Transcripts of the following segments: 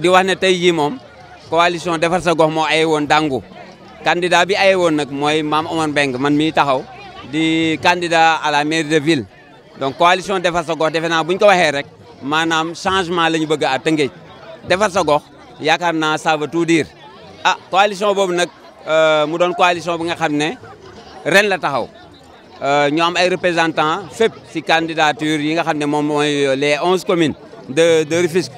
di wax ne tey jii moom coalition defar sa gox moo aye woon dàngu candidat bi aye woon nag mooy maam Omar Mbeng man mii taxaw di candidat à la mairie de ville donc coalition defar sa gox defe naa bu ñu ko waxee rek maanaam changement la ñu bëgg a Tëngéej defar sa gox yaakaar naa ça veut tout dire ah coalition boobu nag euh, mu doon coalition bi nga xam ne ren la taxaw euh, ñu am ay représentant fépp si candidature yi nga xam ne moom mooy les onze communes de de Rufisque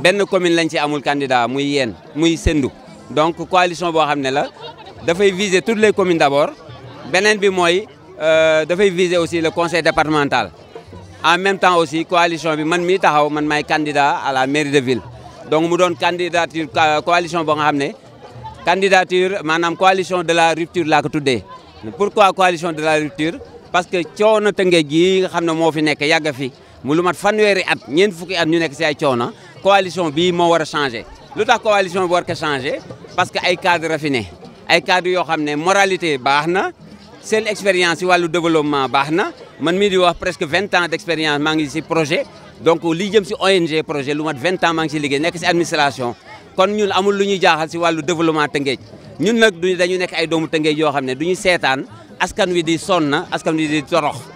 ben commune lañ ci amul candidat muy yenn muy Sendou donc coalition bo xamné la da fay viser toutes les communes d'abord benen bi euh, da fay viser aussi le conseil départemental en même temps aussi coalition bi man mi taxaw man may candidat à la mairie de ville donc mu don candidature coalition bo nga candidature manam coalition de la rupture la ko tuddé pourquoi coalition de la rupture parce que coono Tëngéej gi nga xamné mo fi nek yag fi mu lu mat fanwéri at ñeent fukki at ñu nek ci ay coono coalition bi mo wara changer changé coalition bi wara changer parce que ay cadres raffinés ay cadres yo xamné moralité baxna na expérience walu développement baxna na man mi di wax presque 20 ans d'expérience mangi ci projet donc li jëm ci ONG projet lu mat 20 ans mangi ci liggéey nek ci administration kon ñun amul luñu ñuy jaaxal ci walu développement Tëngéej ñun nak du dañu nek ay doomu Tëngéej yoo xam ne du ñu askan wi di sonna askan wi di torox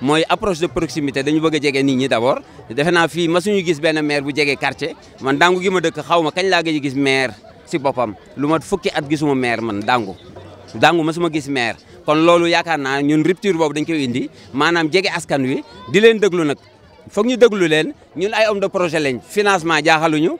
moy approche de proximité dañu bëgg nit ñi d'abord le de gis la maire bu quartier man dangu gi dëkk xawma kañ la gis maire le bopam luma fukki at gisuma maire man dangu dangu suma gis maire kon lolu yakarna ñun rupture de dañ koy indi manam à askan de di leen nak ñu leen ñun ay homme de projet lañ financement jaaxaluñu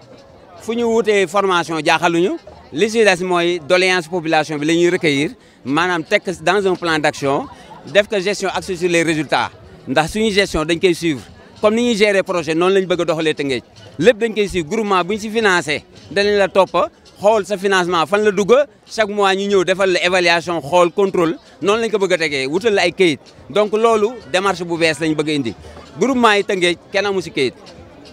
fuñu wuté formation jaaxaluñu li de doléance population bi la recueillir dans un plan d'action def ko gestion axée sur les résultats ndax suñu gestion dañ koy suivre comme ni ñuy gérer projet noonu lañ bëgg a doxalee Tëngéej lépp dañ koy suivre groupement bu ñu financer, financé danañ la toppa xool sa financement fan la dugg chaque mois ñu ñëw defal la évaluation xool contrôle non lañ ko bëgg a tegee wutal la ay kayit donc loolu démarche bu bees lañ bëgg indi groupement yi Tëngéej kenn amu si kayit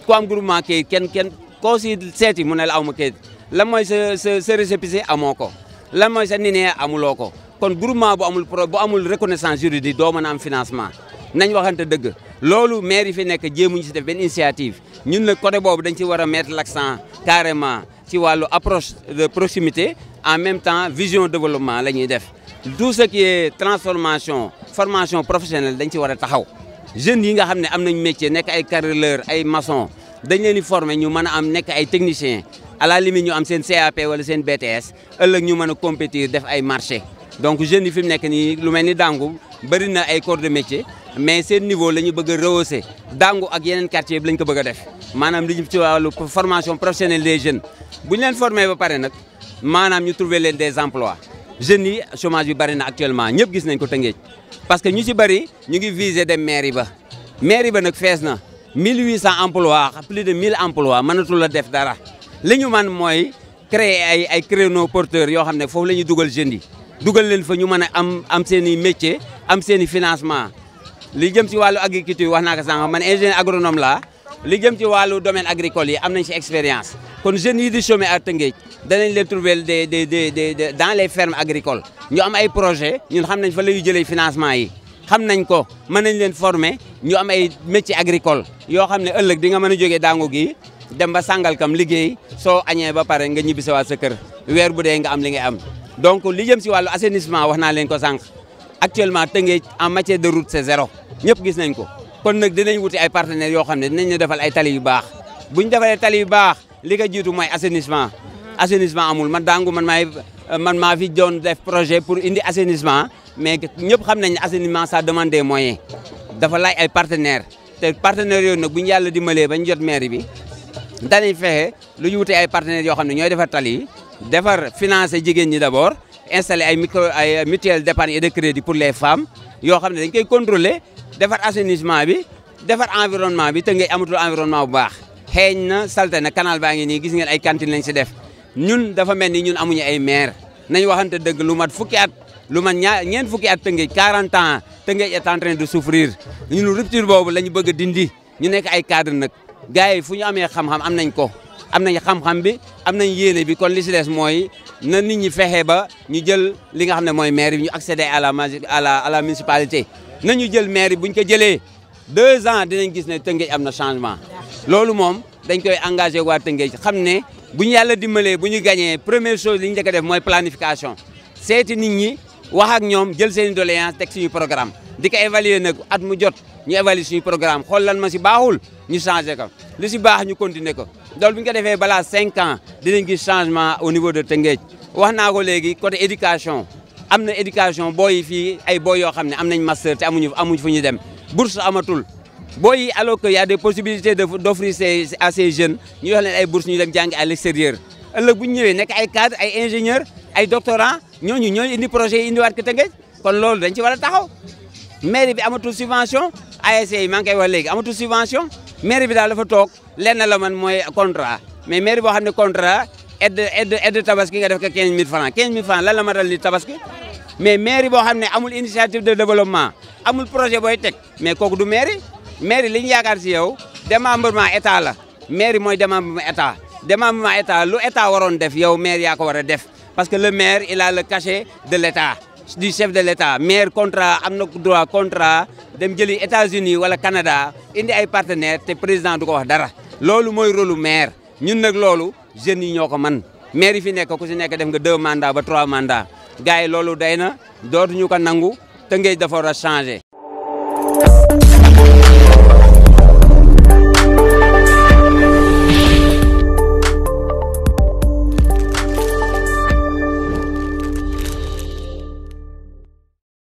ku am groupement kayit kenn kenn koo si seeti mu ne la aw La kayit lan mooy sa sa sa récépissé amoo ko lan mooy sa ninee amuloo ko kon groupement bu amul bu amul reconnaissance juridique doo mën a am financement nañ waxante dëgg loolu maire yi fi nekk jéemuñu si def benn initiative ñun le côté boobu dañ ci mettre l'accent carrément ci wàllu approche de proximité en même temps vision développement def tout ce qui est transformation formation professionnelle dañ ci war a taxaw jeunes yi nga xam ne métier nekk ay carreleur ay maçon dañ leen di former ñu mën am technicien à la limite ñu am seen CAP ou seen BTS ëllëg ñu mën compétir def ay marché donc jeunes yi fi mu nekk nii lu mel ni Dangu bëri na ay corps de métier mais seen niveau la ñu bëgg a rehausser Dangu ak yeneen quartier bi lañ ko bëgg a def maanaam li ci wàllu formation professionnelle des jeunes bu ñu leen formé ba pare nag maanaam ñu trouver leen des emplois jeunes yi chômage bi bëri na actuellement ñëpp gis nañ ko Tëngéej parce que ñu ci bëri ñu ngi viser dem mairie ba mairie ba 1800 emplois plus de 1000 emplois mënatul la def dara li ñu man mooy créer ay ay créneaux porteurs yoo xam ne foofu la ñuy dugal jeunes yi dugal leen fa ñu mën a am am seen i métier am seen i financement li jëm ci wàllu agriculture wax naa ko sànq man ingénieur agronome la li jëm ci wàllu domaine agricole yi am nañ si expérience kon jeunes yi di chômer à Tëngéej danañ leen trouver des des des dans les fermes agricoles ñu am ay projet ñun xam nañ fa layu ñuy jëlee financement yi xam nañ ko mën nañ leen former ñu am ay métier agricole yoo xam ne ëllëg di nga mën a jógee daangu gi dem ba sàngal kam liggéey soo añee ba pare nga ñibbi waa sa kër weer bu dee nga am li ngay am donc li jëm si wàllu assainissement wax ko actuellement en matière de route c'est zéro ñëpp gis nañ ko kon nous dinañ wuti ay partenaires yoo xam ne dinañ ñu defal ay tali yu baax bu ñu defalee tali yu baax li ko jiitu mooy assainissement assainissement amul man daangu man maay man maa fi doon def projet pour indi assainissement mais ñëpp xam nañ ne assainissement ça demande des moyens dafa faire ay partenaires te partenaires yooyu nag bu ñu yàlla dimbalee ba ñu jot mairie bi danañ fexe lu ñu wutee ay partenaires yoo xam ne ñooy defar tali defar financer jigéen ñi d' abord installer ay micro ay mutuelle d' épargne de crédit pour les femmes yoo xam ne dañ koy contrôler defar assainissement bi defar environnement bi te ngay amatul environnement bu baax. xeeñ na salte na canal baa ngi nii gis ngeen ay cantine lañ si def ñun dafa mel ni ñun amuñu ay maire nañ waxante dëgg lu mat fukki at lu mat ñaar ñeent fukki at Tëngéej 40 ans Tëngéej est en de souffrir ñun rupture boobu la ñu bëgg a dindi ñu nekk ay cadre nag gars yi fu ñu amee xam-xam am nañ ko. Il y xam-xam bi bi kon li des moy na nit ñi fexé ba ñu jël li nga accéder à la municipalité na jël maire deux ans dinañ gis changement. Nous mom engagé wa nous xam yalla première chose li ñu def moy planification c'est nit wax ak ñoom jël seen doléance teg suñu programme di ko évaluer nag at mu jot ñu évaluer suñu programme xool lan ma si baaxul ñu changé ko lu si baax ñu continuer ko loolu bi ñu ko defee balaa cinq ans dinañ gis changement au niveau de Tëngéej wax naa ko côté éducation am éducation booy yi fii ay booy yoo xam ne am nañ master te amuñu amuñu fu dem bourse amatul booy yi alors que y a des possibilités d'offrir ces à ces jeunes ñu jox leen ay bourse ñu dem jàng à l'extérieur ëllëg bu ñu ñëwee ay cadre ay ingénieur ay doctorant ñooñu ñooñu indi projet yi indiwaat ko Tëngéej kon loolu dañ ci war a taxaw mairie bi amatul subvention ASC yi maa ngi koy wax léegi amatul subvention mairie bi daal la dafa toog lenn la man mooy contrat mais mairie boo xam ne contrat aide aide aide tabaski nga def ko 15000 francs 15000 francs lan la ma dal ni tabaski mais mairie boo xam ne amul initiative de développement amul projet booy teg mais kooku du mairie mairie li ñu yaakaar si yow démembrement état la mairie mooy démembrement état démembrement état lu état waroon def yow mairie yaa ko war a def parce que le maire il a le cachet de l'État du chef de l'État maire contrat le contre droit contrat dem les États-Unis ou le Canada indi ay partenaires te président du ko wax dara loolu mooy rôle maire ñun nag loolu jeunes yi ñoo ko man maire a fi nekk ku si def nga deux mandats trois mandats gars yi loolu day deux mandats. ko nangu le dafa war a changer